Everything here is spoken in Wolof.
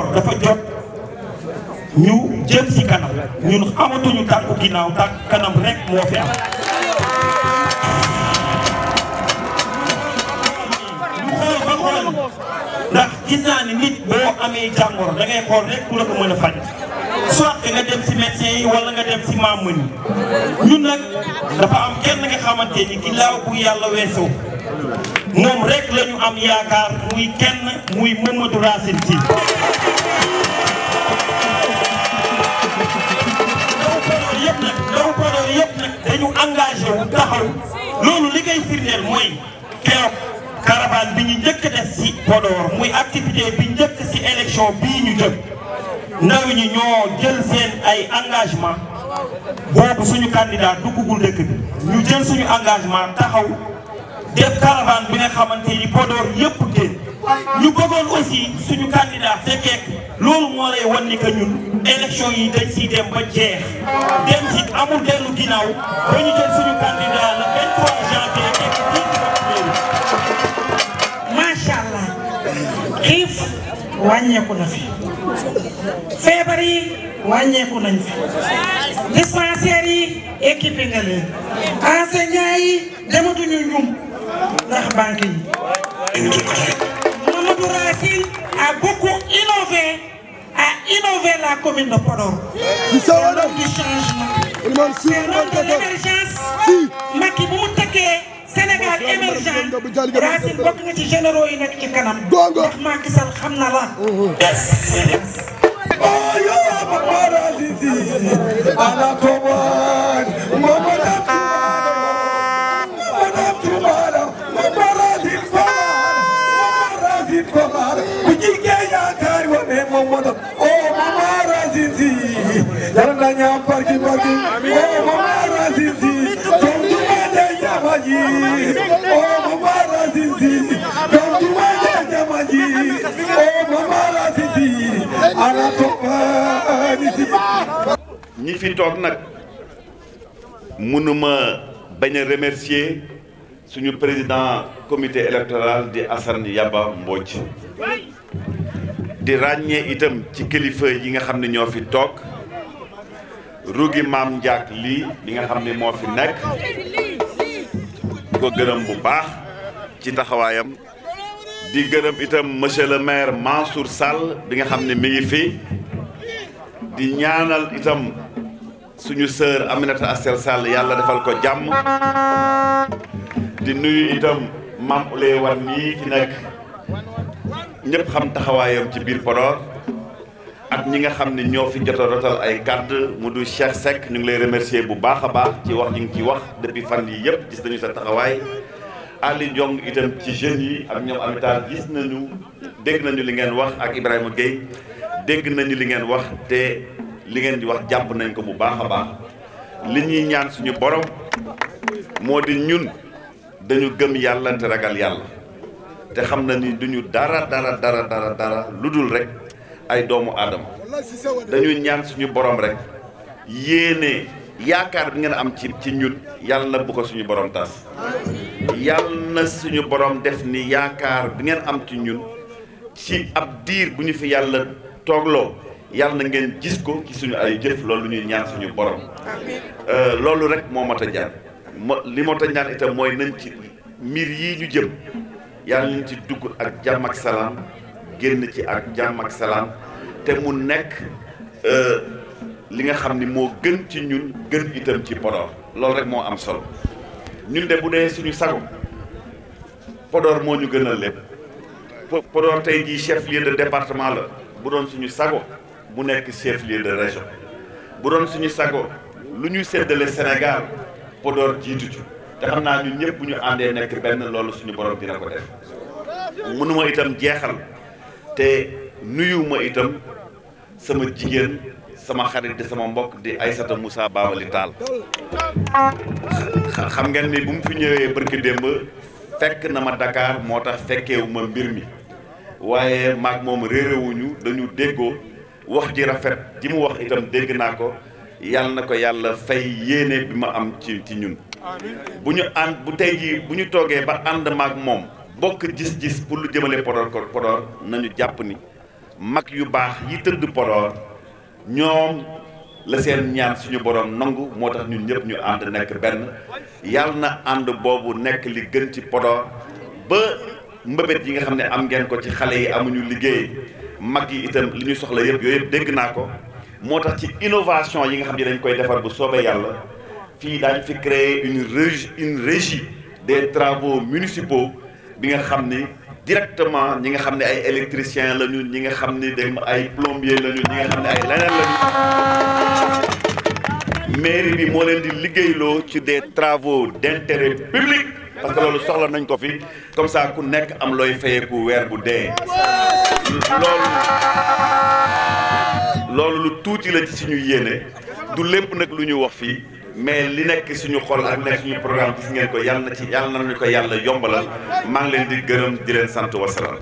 yor dafa jot ñu jëm ci kanam ñun amatuñu tànku ginnaaw tak kanam rek moo fi am ndax gis naa ni nit boo amee jangor da ngay xool rek ku la ko mën a soit nga dem ci médecin yi wala nga dem ci maamu yi ñun nag dafa am kenn nga xamante ni ginnaaw bu yàlla weesoo moom rek la ñu am yaakaar muy kenn muy Mamadou Racine Sy Podor yëpp nag ndaw Podor yëpp nag dañu engagé taxaw loolu li koy mooy keroog caravane bi ñu njëkk def si Podor muy activité bi njëkk si élection bii ñu jëm ndaw ñi ñoo jël seen ay engagement boobu suñu candidat duggugul dëkk bi ñu jël suñu engagement taxaw def caravane bi nga xamante ni Podor yëpp génn ñu bëggoon aussi suñu candidat fekkee loolu moo lay wan ni ñun élection yi dañ si dem ba jeex dem amul dellu ginnaaw ba ñu jël suñu candidat le 23 janvier nekk na fi feebar yi wàññeeku nañ fi dispensaires yi équipe nga leen enseignants yi dematuñu ñum ndax banque yi. Mamadou Racine a beaucoup innové a innové la commune de Podor. du changement. c'est de l'émergence. Macky bu mu tëkkee Sénégal émergent Racine bokk na ci généraux yi nekk ci kanam. ndax Macky Sall xam na la. Oh, oh. Oh, Ana Toman mono o eh, mama rasinsi yaranda ñam parki parki o eh, mama rasinsi jom jumade jamaji o eh, mama rasinsi jom jumade jamaji o mama rasinsi ana topani si ñi fi toog nag mënuma bañ a remercier suñu président comité électoral di Assane Yaba Mbodj di ràññee itam ci kilifa yi nga xam ne fi toog rugi maam Ndiak lii li nga xam ne moo fi nekk ko gërëm bu baax ci taxawaayam di gërëm itam monsieur le maire Mansour Sall bi nga xam mi fi di ñaanal itam suñu sœur Aminata Astel Sall yàlla defal ko jàmm di nuyu itam mam Oulé Wane yi fi nekk ñëpp xam taxawaayam ci biir Podor ak ñi nga xam ne ñoo fi jot rotal ay kàddu mu Cheikh Seck ñu ngi lay remercier bu baax a baax ci wax yi ci wax depuis fan yi yëpp gis nañu sa taxawaay Ali jong itam ci jeunes yi ak ñoom amital gis nañu deg nañu li ngeen wax ak Ibrahima Gueye deg nañu li ngeen wax te li ngeen di wax jàpp nañ ko bu baax a baax li ñuy ñaan suñu borom moo ñun dañu gëm te ragal te xam na ni duñu dara dara dara dara dara lu dul rek ay doomu aadama dañuy ñaan suñu borom rek yéene yaakaar bi ngeen am ci ci ñun yàlla na bu ko suñu borom tas yàlla na suñu borom def ni yaakaar bi ngeen am ci ñun ci ab diir bu ñu fi yàlla toogloo yàlla na ngeen gis ko ci suñu ay jëf loolu ñuy ñaan suñu borom euh, loolu rek moo mat a jaar li mat a ñaan itam mooy nañ ci mbir yii ñu jëm yàlla nañ ci dugg ak jàmm ak salaam génn ci ak jàmm ak salaam te mu nekk euh, li nga xam ni moo gën ci ñun gën itam ci Podor loolu rek moo am solo ñun de bu dee suñu sago Podor moo ñu gënal lépp Podor tey jii chef lieu de département la bu doon suñu sago bu nekk chef lieu de région bu doon suñu sago lu ñuy seddale Sénégal Podor jiitu ci te xam naa ñun ñëpp bu ñu àndee nekk benn loolu suñu borom dina ko def mënuma itam jeexal te nuyuma itam sama jigéen sama xarit di sama mbokk di Aysata Moussa Babali Tall xam ngeen ni bu mu fi ñëwee barki démb fekk na ma Dakar moo tax fekkeewuma mbir mi waaye maag moom réerewuñu dañu déggoo wax ji rafet ji mu wax itam dégg naa ko yàlla na ko yàlla fay yéene bi ma am ci ci ñun bu ñu ànd bu tey jii bu ñu toogee ba ànd maag moom bokk gis-gis pour lu jëmale Podor ko Podor nañu jàpp ni mag yu baax yi tëdd Podor ñoom la seen ñaan suñu borom nangu moo tax ñun ñëpp ñu ànd nekk benn yàlla na ànd boobu nekk li gën ci Podor ba mbëbët yi nga xam ne am ngeen ko ci xale yi amuñu liggéey mag yi itam li ñu soxla yëpp yooyu dégg naa ko moo tax ci innovation yi nga xam ne dañ koy defar bu soobee yàlla fii daañu fait créer une régie une régie des travaux municipaux bi nga xam directement ñi nga xam ne ay électriciens la ñu ñi nga plombiers, ne dem ay plombier la ñu ñi nga xam ay la mairie bi moo leen di liggéeyloo ci des travaux d'intérêt public parce que loolu soxla nañ ko fi comme ça ku nekk am looy fayeeku weer bu dee loolu loolu lu tuuti la ci suñu du lépp nag lu ñu wax mais li nekk suñu xool ak nekk suñu programme gis ngeen ko yàlla na ci yàlla nañu ko yàlla yombalal maa ngi leen di gërëm di leen sant wasalaam